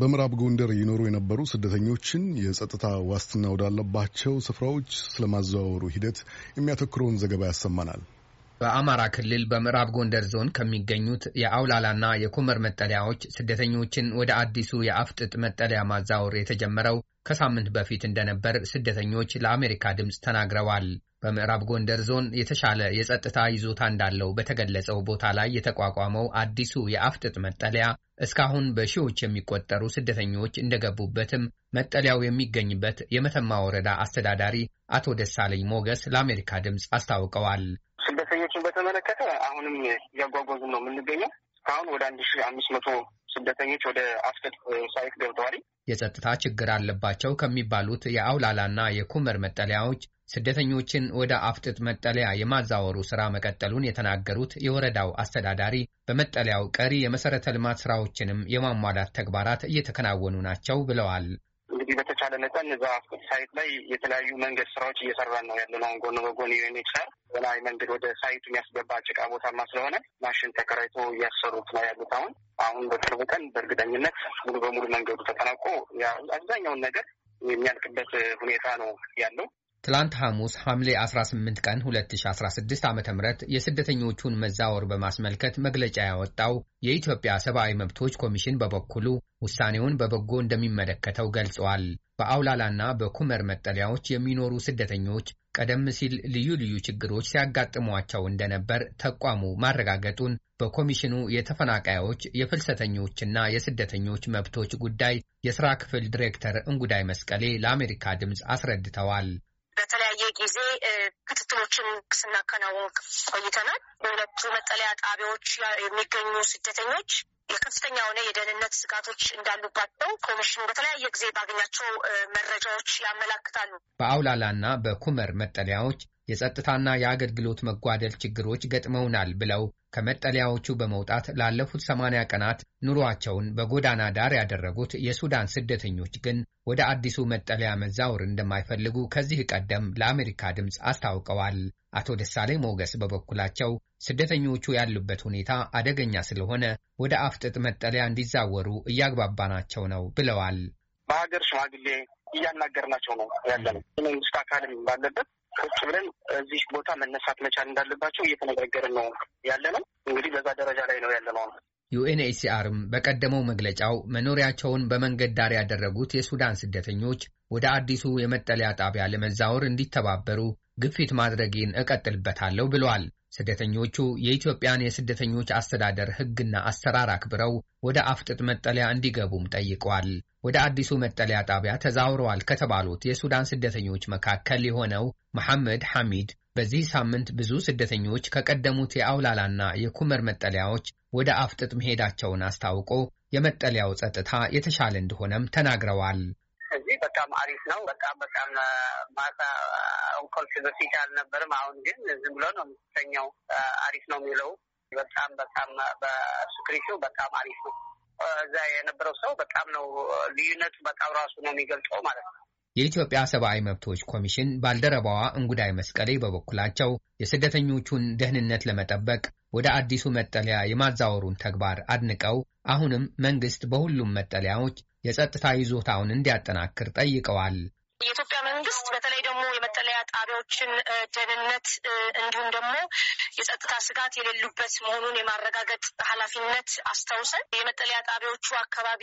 በምዕራብ ጎንደር ይኖሩ የነበሩ ስደተኞችን የጸጥታ ዋስትና ወዳለባቸው ስፍራዎች ስለማዘዋወሩ ሂደት የሚያተኩረውን ዘገባ ያሰማናል። በአማራ ክልል በምዕራብ ጎንደር ዞን ከሚገኙት የአውላላና የኩመር መጠለያዎች ስደተኞችን ወደ አዲሱ የአፍጥጥ መጠለያ ማዛወር የተጀመረው ከሳምንት በፊት እንደነበር ስደተኞች ለአሜሪካ ድምፅ ተናግረዋል። በምዕራብ ጎንደር ዞን የተሻለ የጸጥታ ይዞታ እንዳለው በተገለጸው ቦታ ላይ የተቋቋመው አዲሱ የአፍጥጥ መጠለያ እስካሁን በሺዎች የሚቆጠሩ ስደተኞች እንደገቡበትም መጠለያው የሚገኝበት የመተማ ወረዳ አስተዳዳሪ አቶ ደሳለኝ ሞገስ ለአሜሪካ ድምፅ አስታውቀዋል። ስደተኞችን በተመለከተ አሁንም እያጓጓዙ ነው የምንገኘው። እስካሁን ወደ አንድ ሺ አምስት መቶ ስደተኞች ወደ አስፈት ሳይት ገብተዋል። የጸጥታ ችግር አለባቸው ከሚባሉት የአውላላና የኩመር መጠለያዎች ስደተኞችን ወደ አፍጥጥ መጠለያ የማዛወሩ ስራ መቀጠሉን የተናገሩት የወረዳው አስተዳዳሪ በመጠለያው ቀሪ የመሰረተ ልማት ስራዎችንም የማሟላት ተግባራት እየተከናወኑ ናቸው ብለዋል። እንግዲህ በተቻለ መጠን እዛ ሳይት ላይ የተለያዩ መንገድ ስራዎች እየሰራን ነው ያለ ነው። ጎን በጎን ዩኤንኤችሲአር በላይ መንገድ ወደ ሳይቱ የሚያስገባ ጭቃ ቦታማ ስለሆነ ማሽን ተከራይቶ እያሰሩት ነው ያሉት። አሁን አሁን በቅርቡ ቀን በእርግጠኝነት ሙሉ በሙሉ መንገዱ ተጠናቆ አብዛኛውን ነገር የሚያልቅበት ሁኔታ ነው ያለው። ትላንት ሐሙስ ሐምሌ 18 ቀን 2016 ዓ ም የስደተኞቹን መዛወር በማስመልከት መግለጫ ያወጣው የኢትዮጵያ ሰብአዊ መብቶች ኮሚሽን በበኩሉ ውሳኔውን በበጎ እንደሚመለከተው ገልጿል። በአውላላና በኩመር መጠለያዎች የሚኖሩ ስደተኞች ቀደም ሲል ልዩ ልዩ ችግሮች ሲያጋጥሟቸው እንደነበር ተቋሙ ማረጋገጡን በኮሚሽኑ የተፈናቃዮች የፍልሰተኞችና የስደተኞች መብቶች ጉዳይ የሥራ ክፍል ዲሬክተር እንጉዳይ መስቀሌ ለአሜሪካ ድምፅ አስረድተዋል። ጊዜ ክትትሎችን ስናከናውን ቆይተናል። በሁለቱ መጠለያ ጣቢያዎች የሚገኙ ስደተኞች የከፍተኛ የሆነ የደህንነት ስጋቶች እንዳሉባቸው ኮሚሽኑ በተለያየ ጊዜ ባገኛቸው መረጃዎች ያመላክታሉ። በአውላላ እና በኩመር መጠለያዎች የጸጥታና የአገልግሎት መጓደል ችግሮች ገጥመውናል ብለው ከመጠለያዎቹ በመውጣት ላለፉት ሰማንያ ቀናት ኑሯቸውን በጎዳና ዳር ያደረጉት የሱዳን ስደተኞች ግን ወደ አዲሱ መጠለያ መዛወር እንደማይፈልጉ ከዚህ ቀደም ለአሜሪካ ድምፅ አስታውቀዋል። አቶ ደሳለኝ ሞገስ በበኩላቸው ስደተኞቹ ያሉበት ሁኔታ አደገኛ ስለሆነ ወደ አፍጥጥ መጠለያ እንዲዛወሩ እያግባባናቸው ነው ብለዋል። በሀገር ሽማግሌ እያናገርናቸው ነው ያለነው። ነው። አካልም ባለበት ቁጭ ብለን እዚህ ቦታ መነሳት መቻል እንዳለባቸው እየተነጋገርን ነው ያለ ነው። እንግዲህ በዛ ደረጃ ላይ ነው ያለ ነው። ዩኤንኤችሲአርም በቀደመው መግለጫው መኖሪያቸውን በመንገድ ዳር ያደረጉት የሱዳን ስደተኞች ወደ አዲሱ የመጠለያ ጣቢያ ለመዛወር እንዲተባበሩ ግፊት ማድረጌን እቀጥልበታለሁ ብሏል። ስደተኞቹ የኢትዮጵያን የስደተኞች አስተዳደር ሕግና አሰራር አክብረው ወደ አፍጥጥ መጠለያ እንዲገቡም ጠይቀዋል። ወደ አዲሱ መጠለያ ጣቢያ ተዛውረዋል ከተባሉት የሱዳን ስደተኞች መካከል የሆነው መሐመድ ሐሚድ በዚህ ሳምንት ብዙ ስደተኞች ከቀደሙት የአውላላና የኩመር መጠለያዎች ወደ አፍጥጥ መሄዳቸውን አስታውቆ የመጠለያው ጸጥታ የተሻለ እንደሆነም ተናግረዋል። በጣም አሪፍ ነው። በጣም በጣም ማታ እንኮልስ በፊት አልነበርም። አሁን ግን ዝም ብሎ ነው የምትተኛው። አሪፍ ነው የሚለው በጣም በጣም በስክሪፕቱ በጣም አሪፍ ነው። እዛ የነበረው ሰው በጣም ነው ልዩነቱ በጣም ራሱ ነው የሚገልጸው ማለት ነው። የኢትዮጵያ ሰብአዊ መብቶች ኮሚሽን ባልደረባዋ እንጉዳይ መስቀሌ በበኩላቸው የስደተኞቹን ደህንነት ለመጠበቅ ወደ አዲሱ መጠለያ የማዛወሩን ተግባር አድንቀው አሁንም መንግስት በሁሉም መጠለያዎች የጸጥታ ይዞታውን እንዲያጠናክር ጠይቀዋል። የኢትዮጵያ መንግስት በተለይ ደግሞ የመጠለያ ጣቢያዎችን ደህንነት እንዲሁም ደግሞ የጸጥታ ስጋት የሌሉበት መሆኑን የማረጋገጥ ኃላፊነት አስታውሰን የመጠለያ ጣቢያዎቹ አካባቢ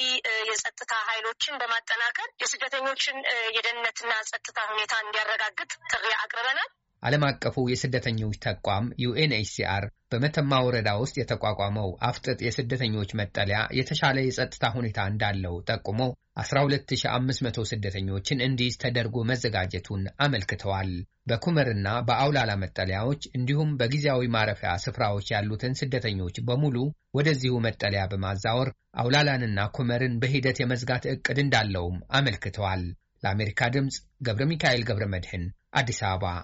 የጸጥታ ኃይሎችን በማጠናከር የስደተኞችን የደህንነትና ጸጥታ ሁኔታ እንዲያረጋግጥ ጥሪ አቅርበናል። ዓለም አቀፉ የስደተኞች ተቋም ዩኤንኤችሲአር በመተማ ወረዳ ውስጥ የተቋቋመው አፍጥጥ የስደተኞች መጠለያ የተሻለ የጸጥታ ሁኔታ እንዳለው ጠቁሞ 12500 ስደተኞችን እንዲይዝ ተደርጎ መዘጋጀቱን አመልክተዋል። በኩመርና በአውላላ መጠለያዎች እንዲሁም በጊዜያዊ ማረፊያ ስፍራዎች ያሉትን ስደተኞች በሙሉ ወደዚሁ መጠለያ በማዛወር አውላላንና ኩመርን በሂደት የመዝጋት ዕቅድ እንዳለውም አመልክተዋል። ለአሜሪካ ድምፅ ገብረ ሚካኤል ገብረ መድህን አዲስ አበባ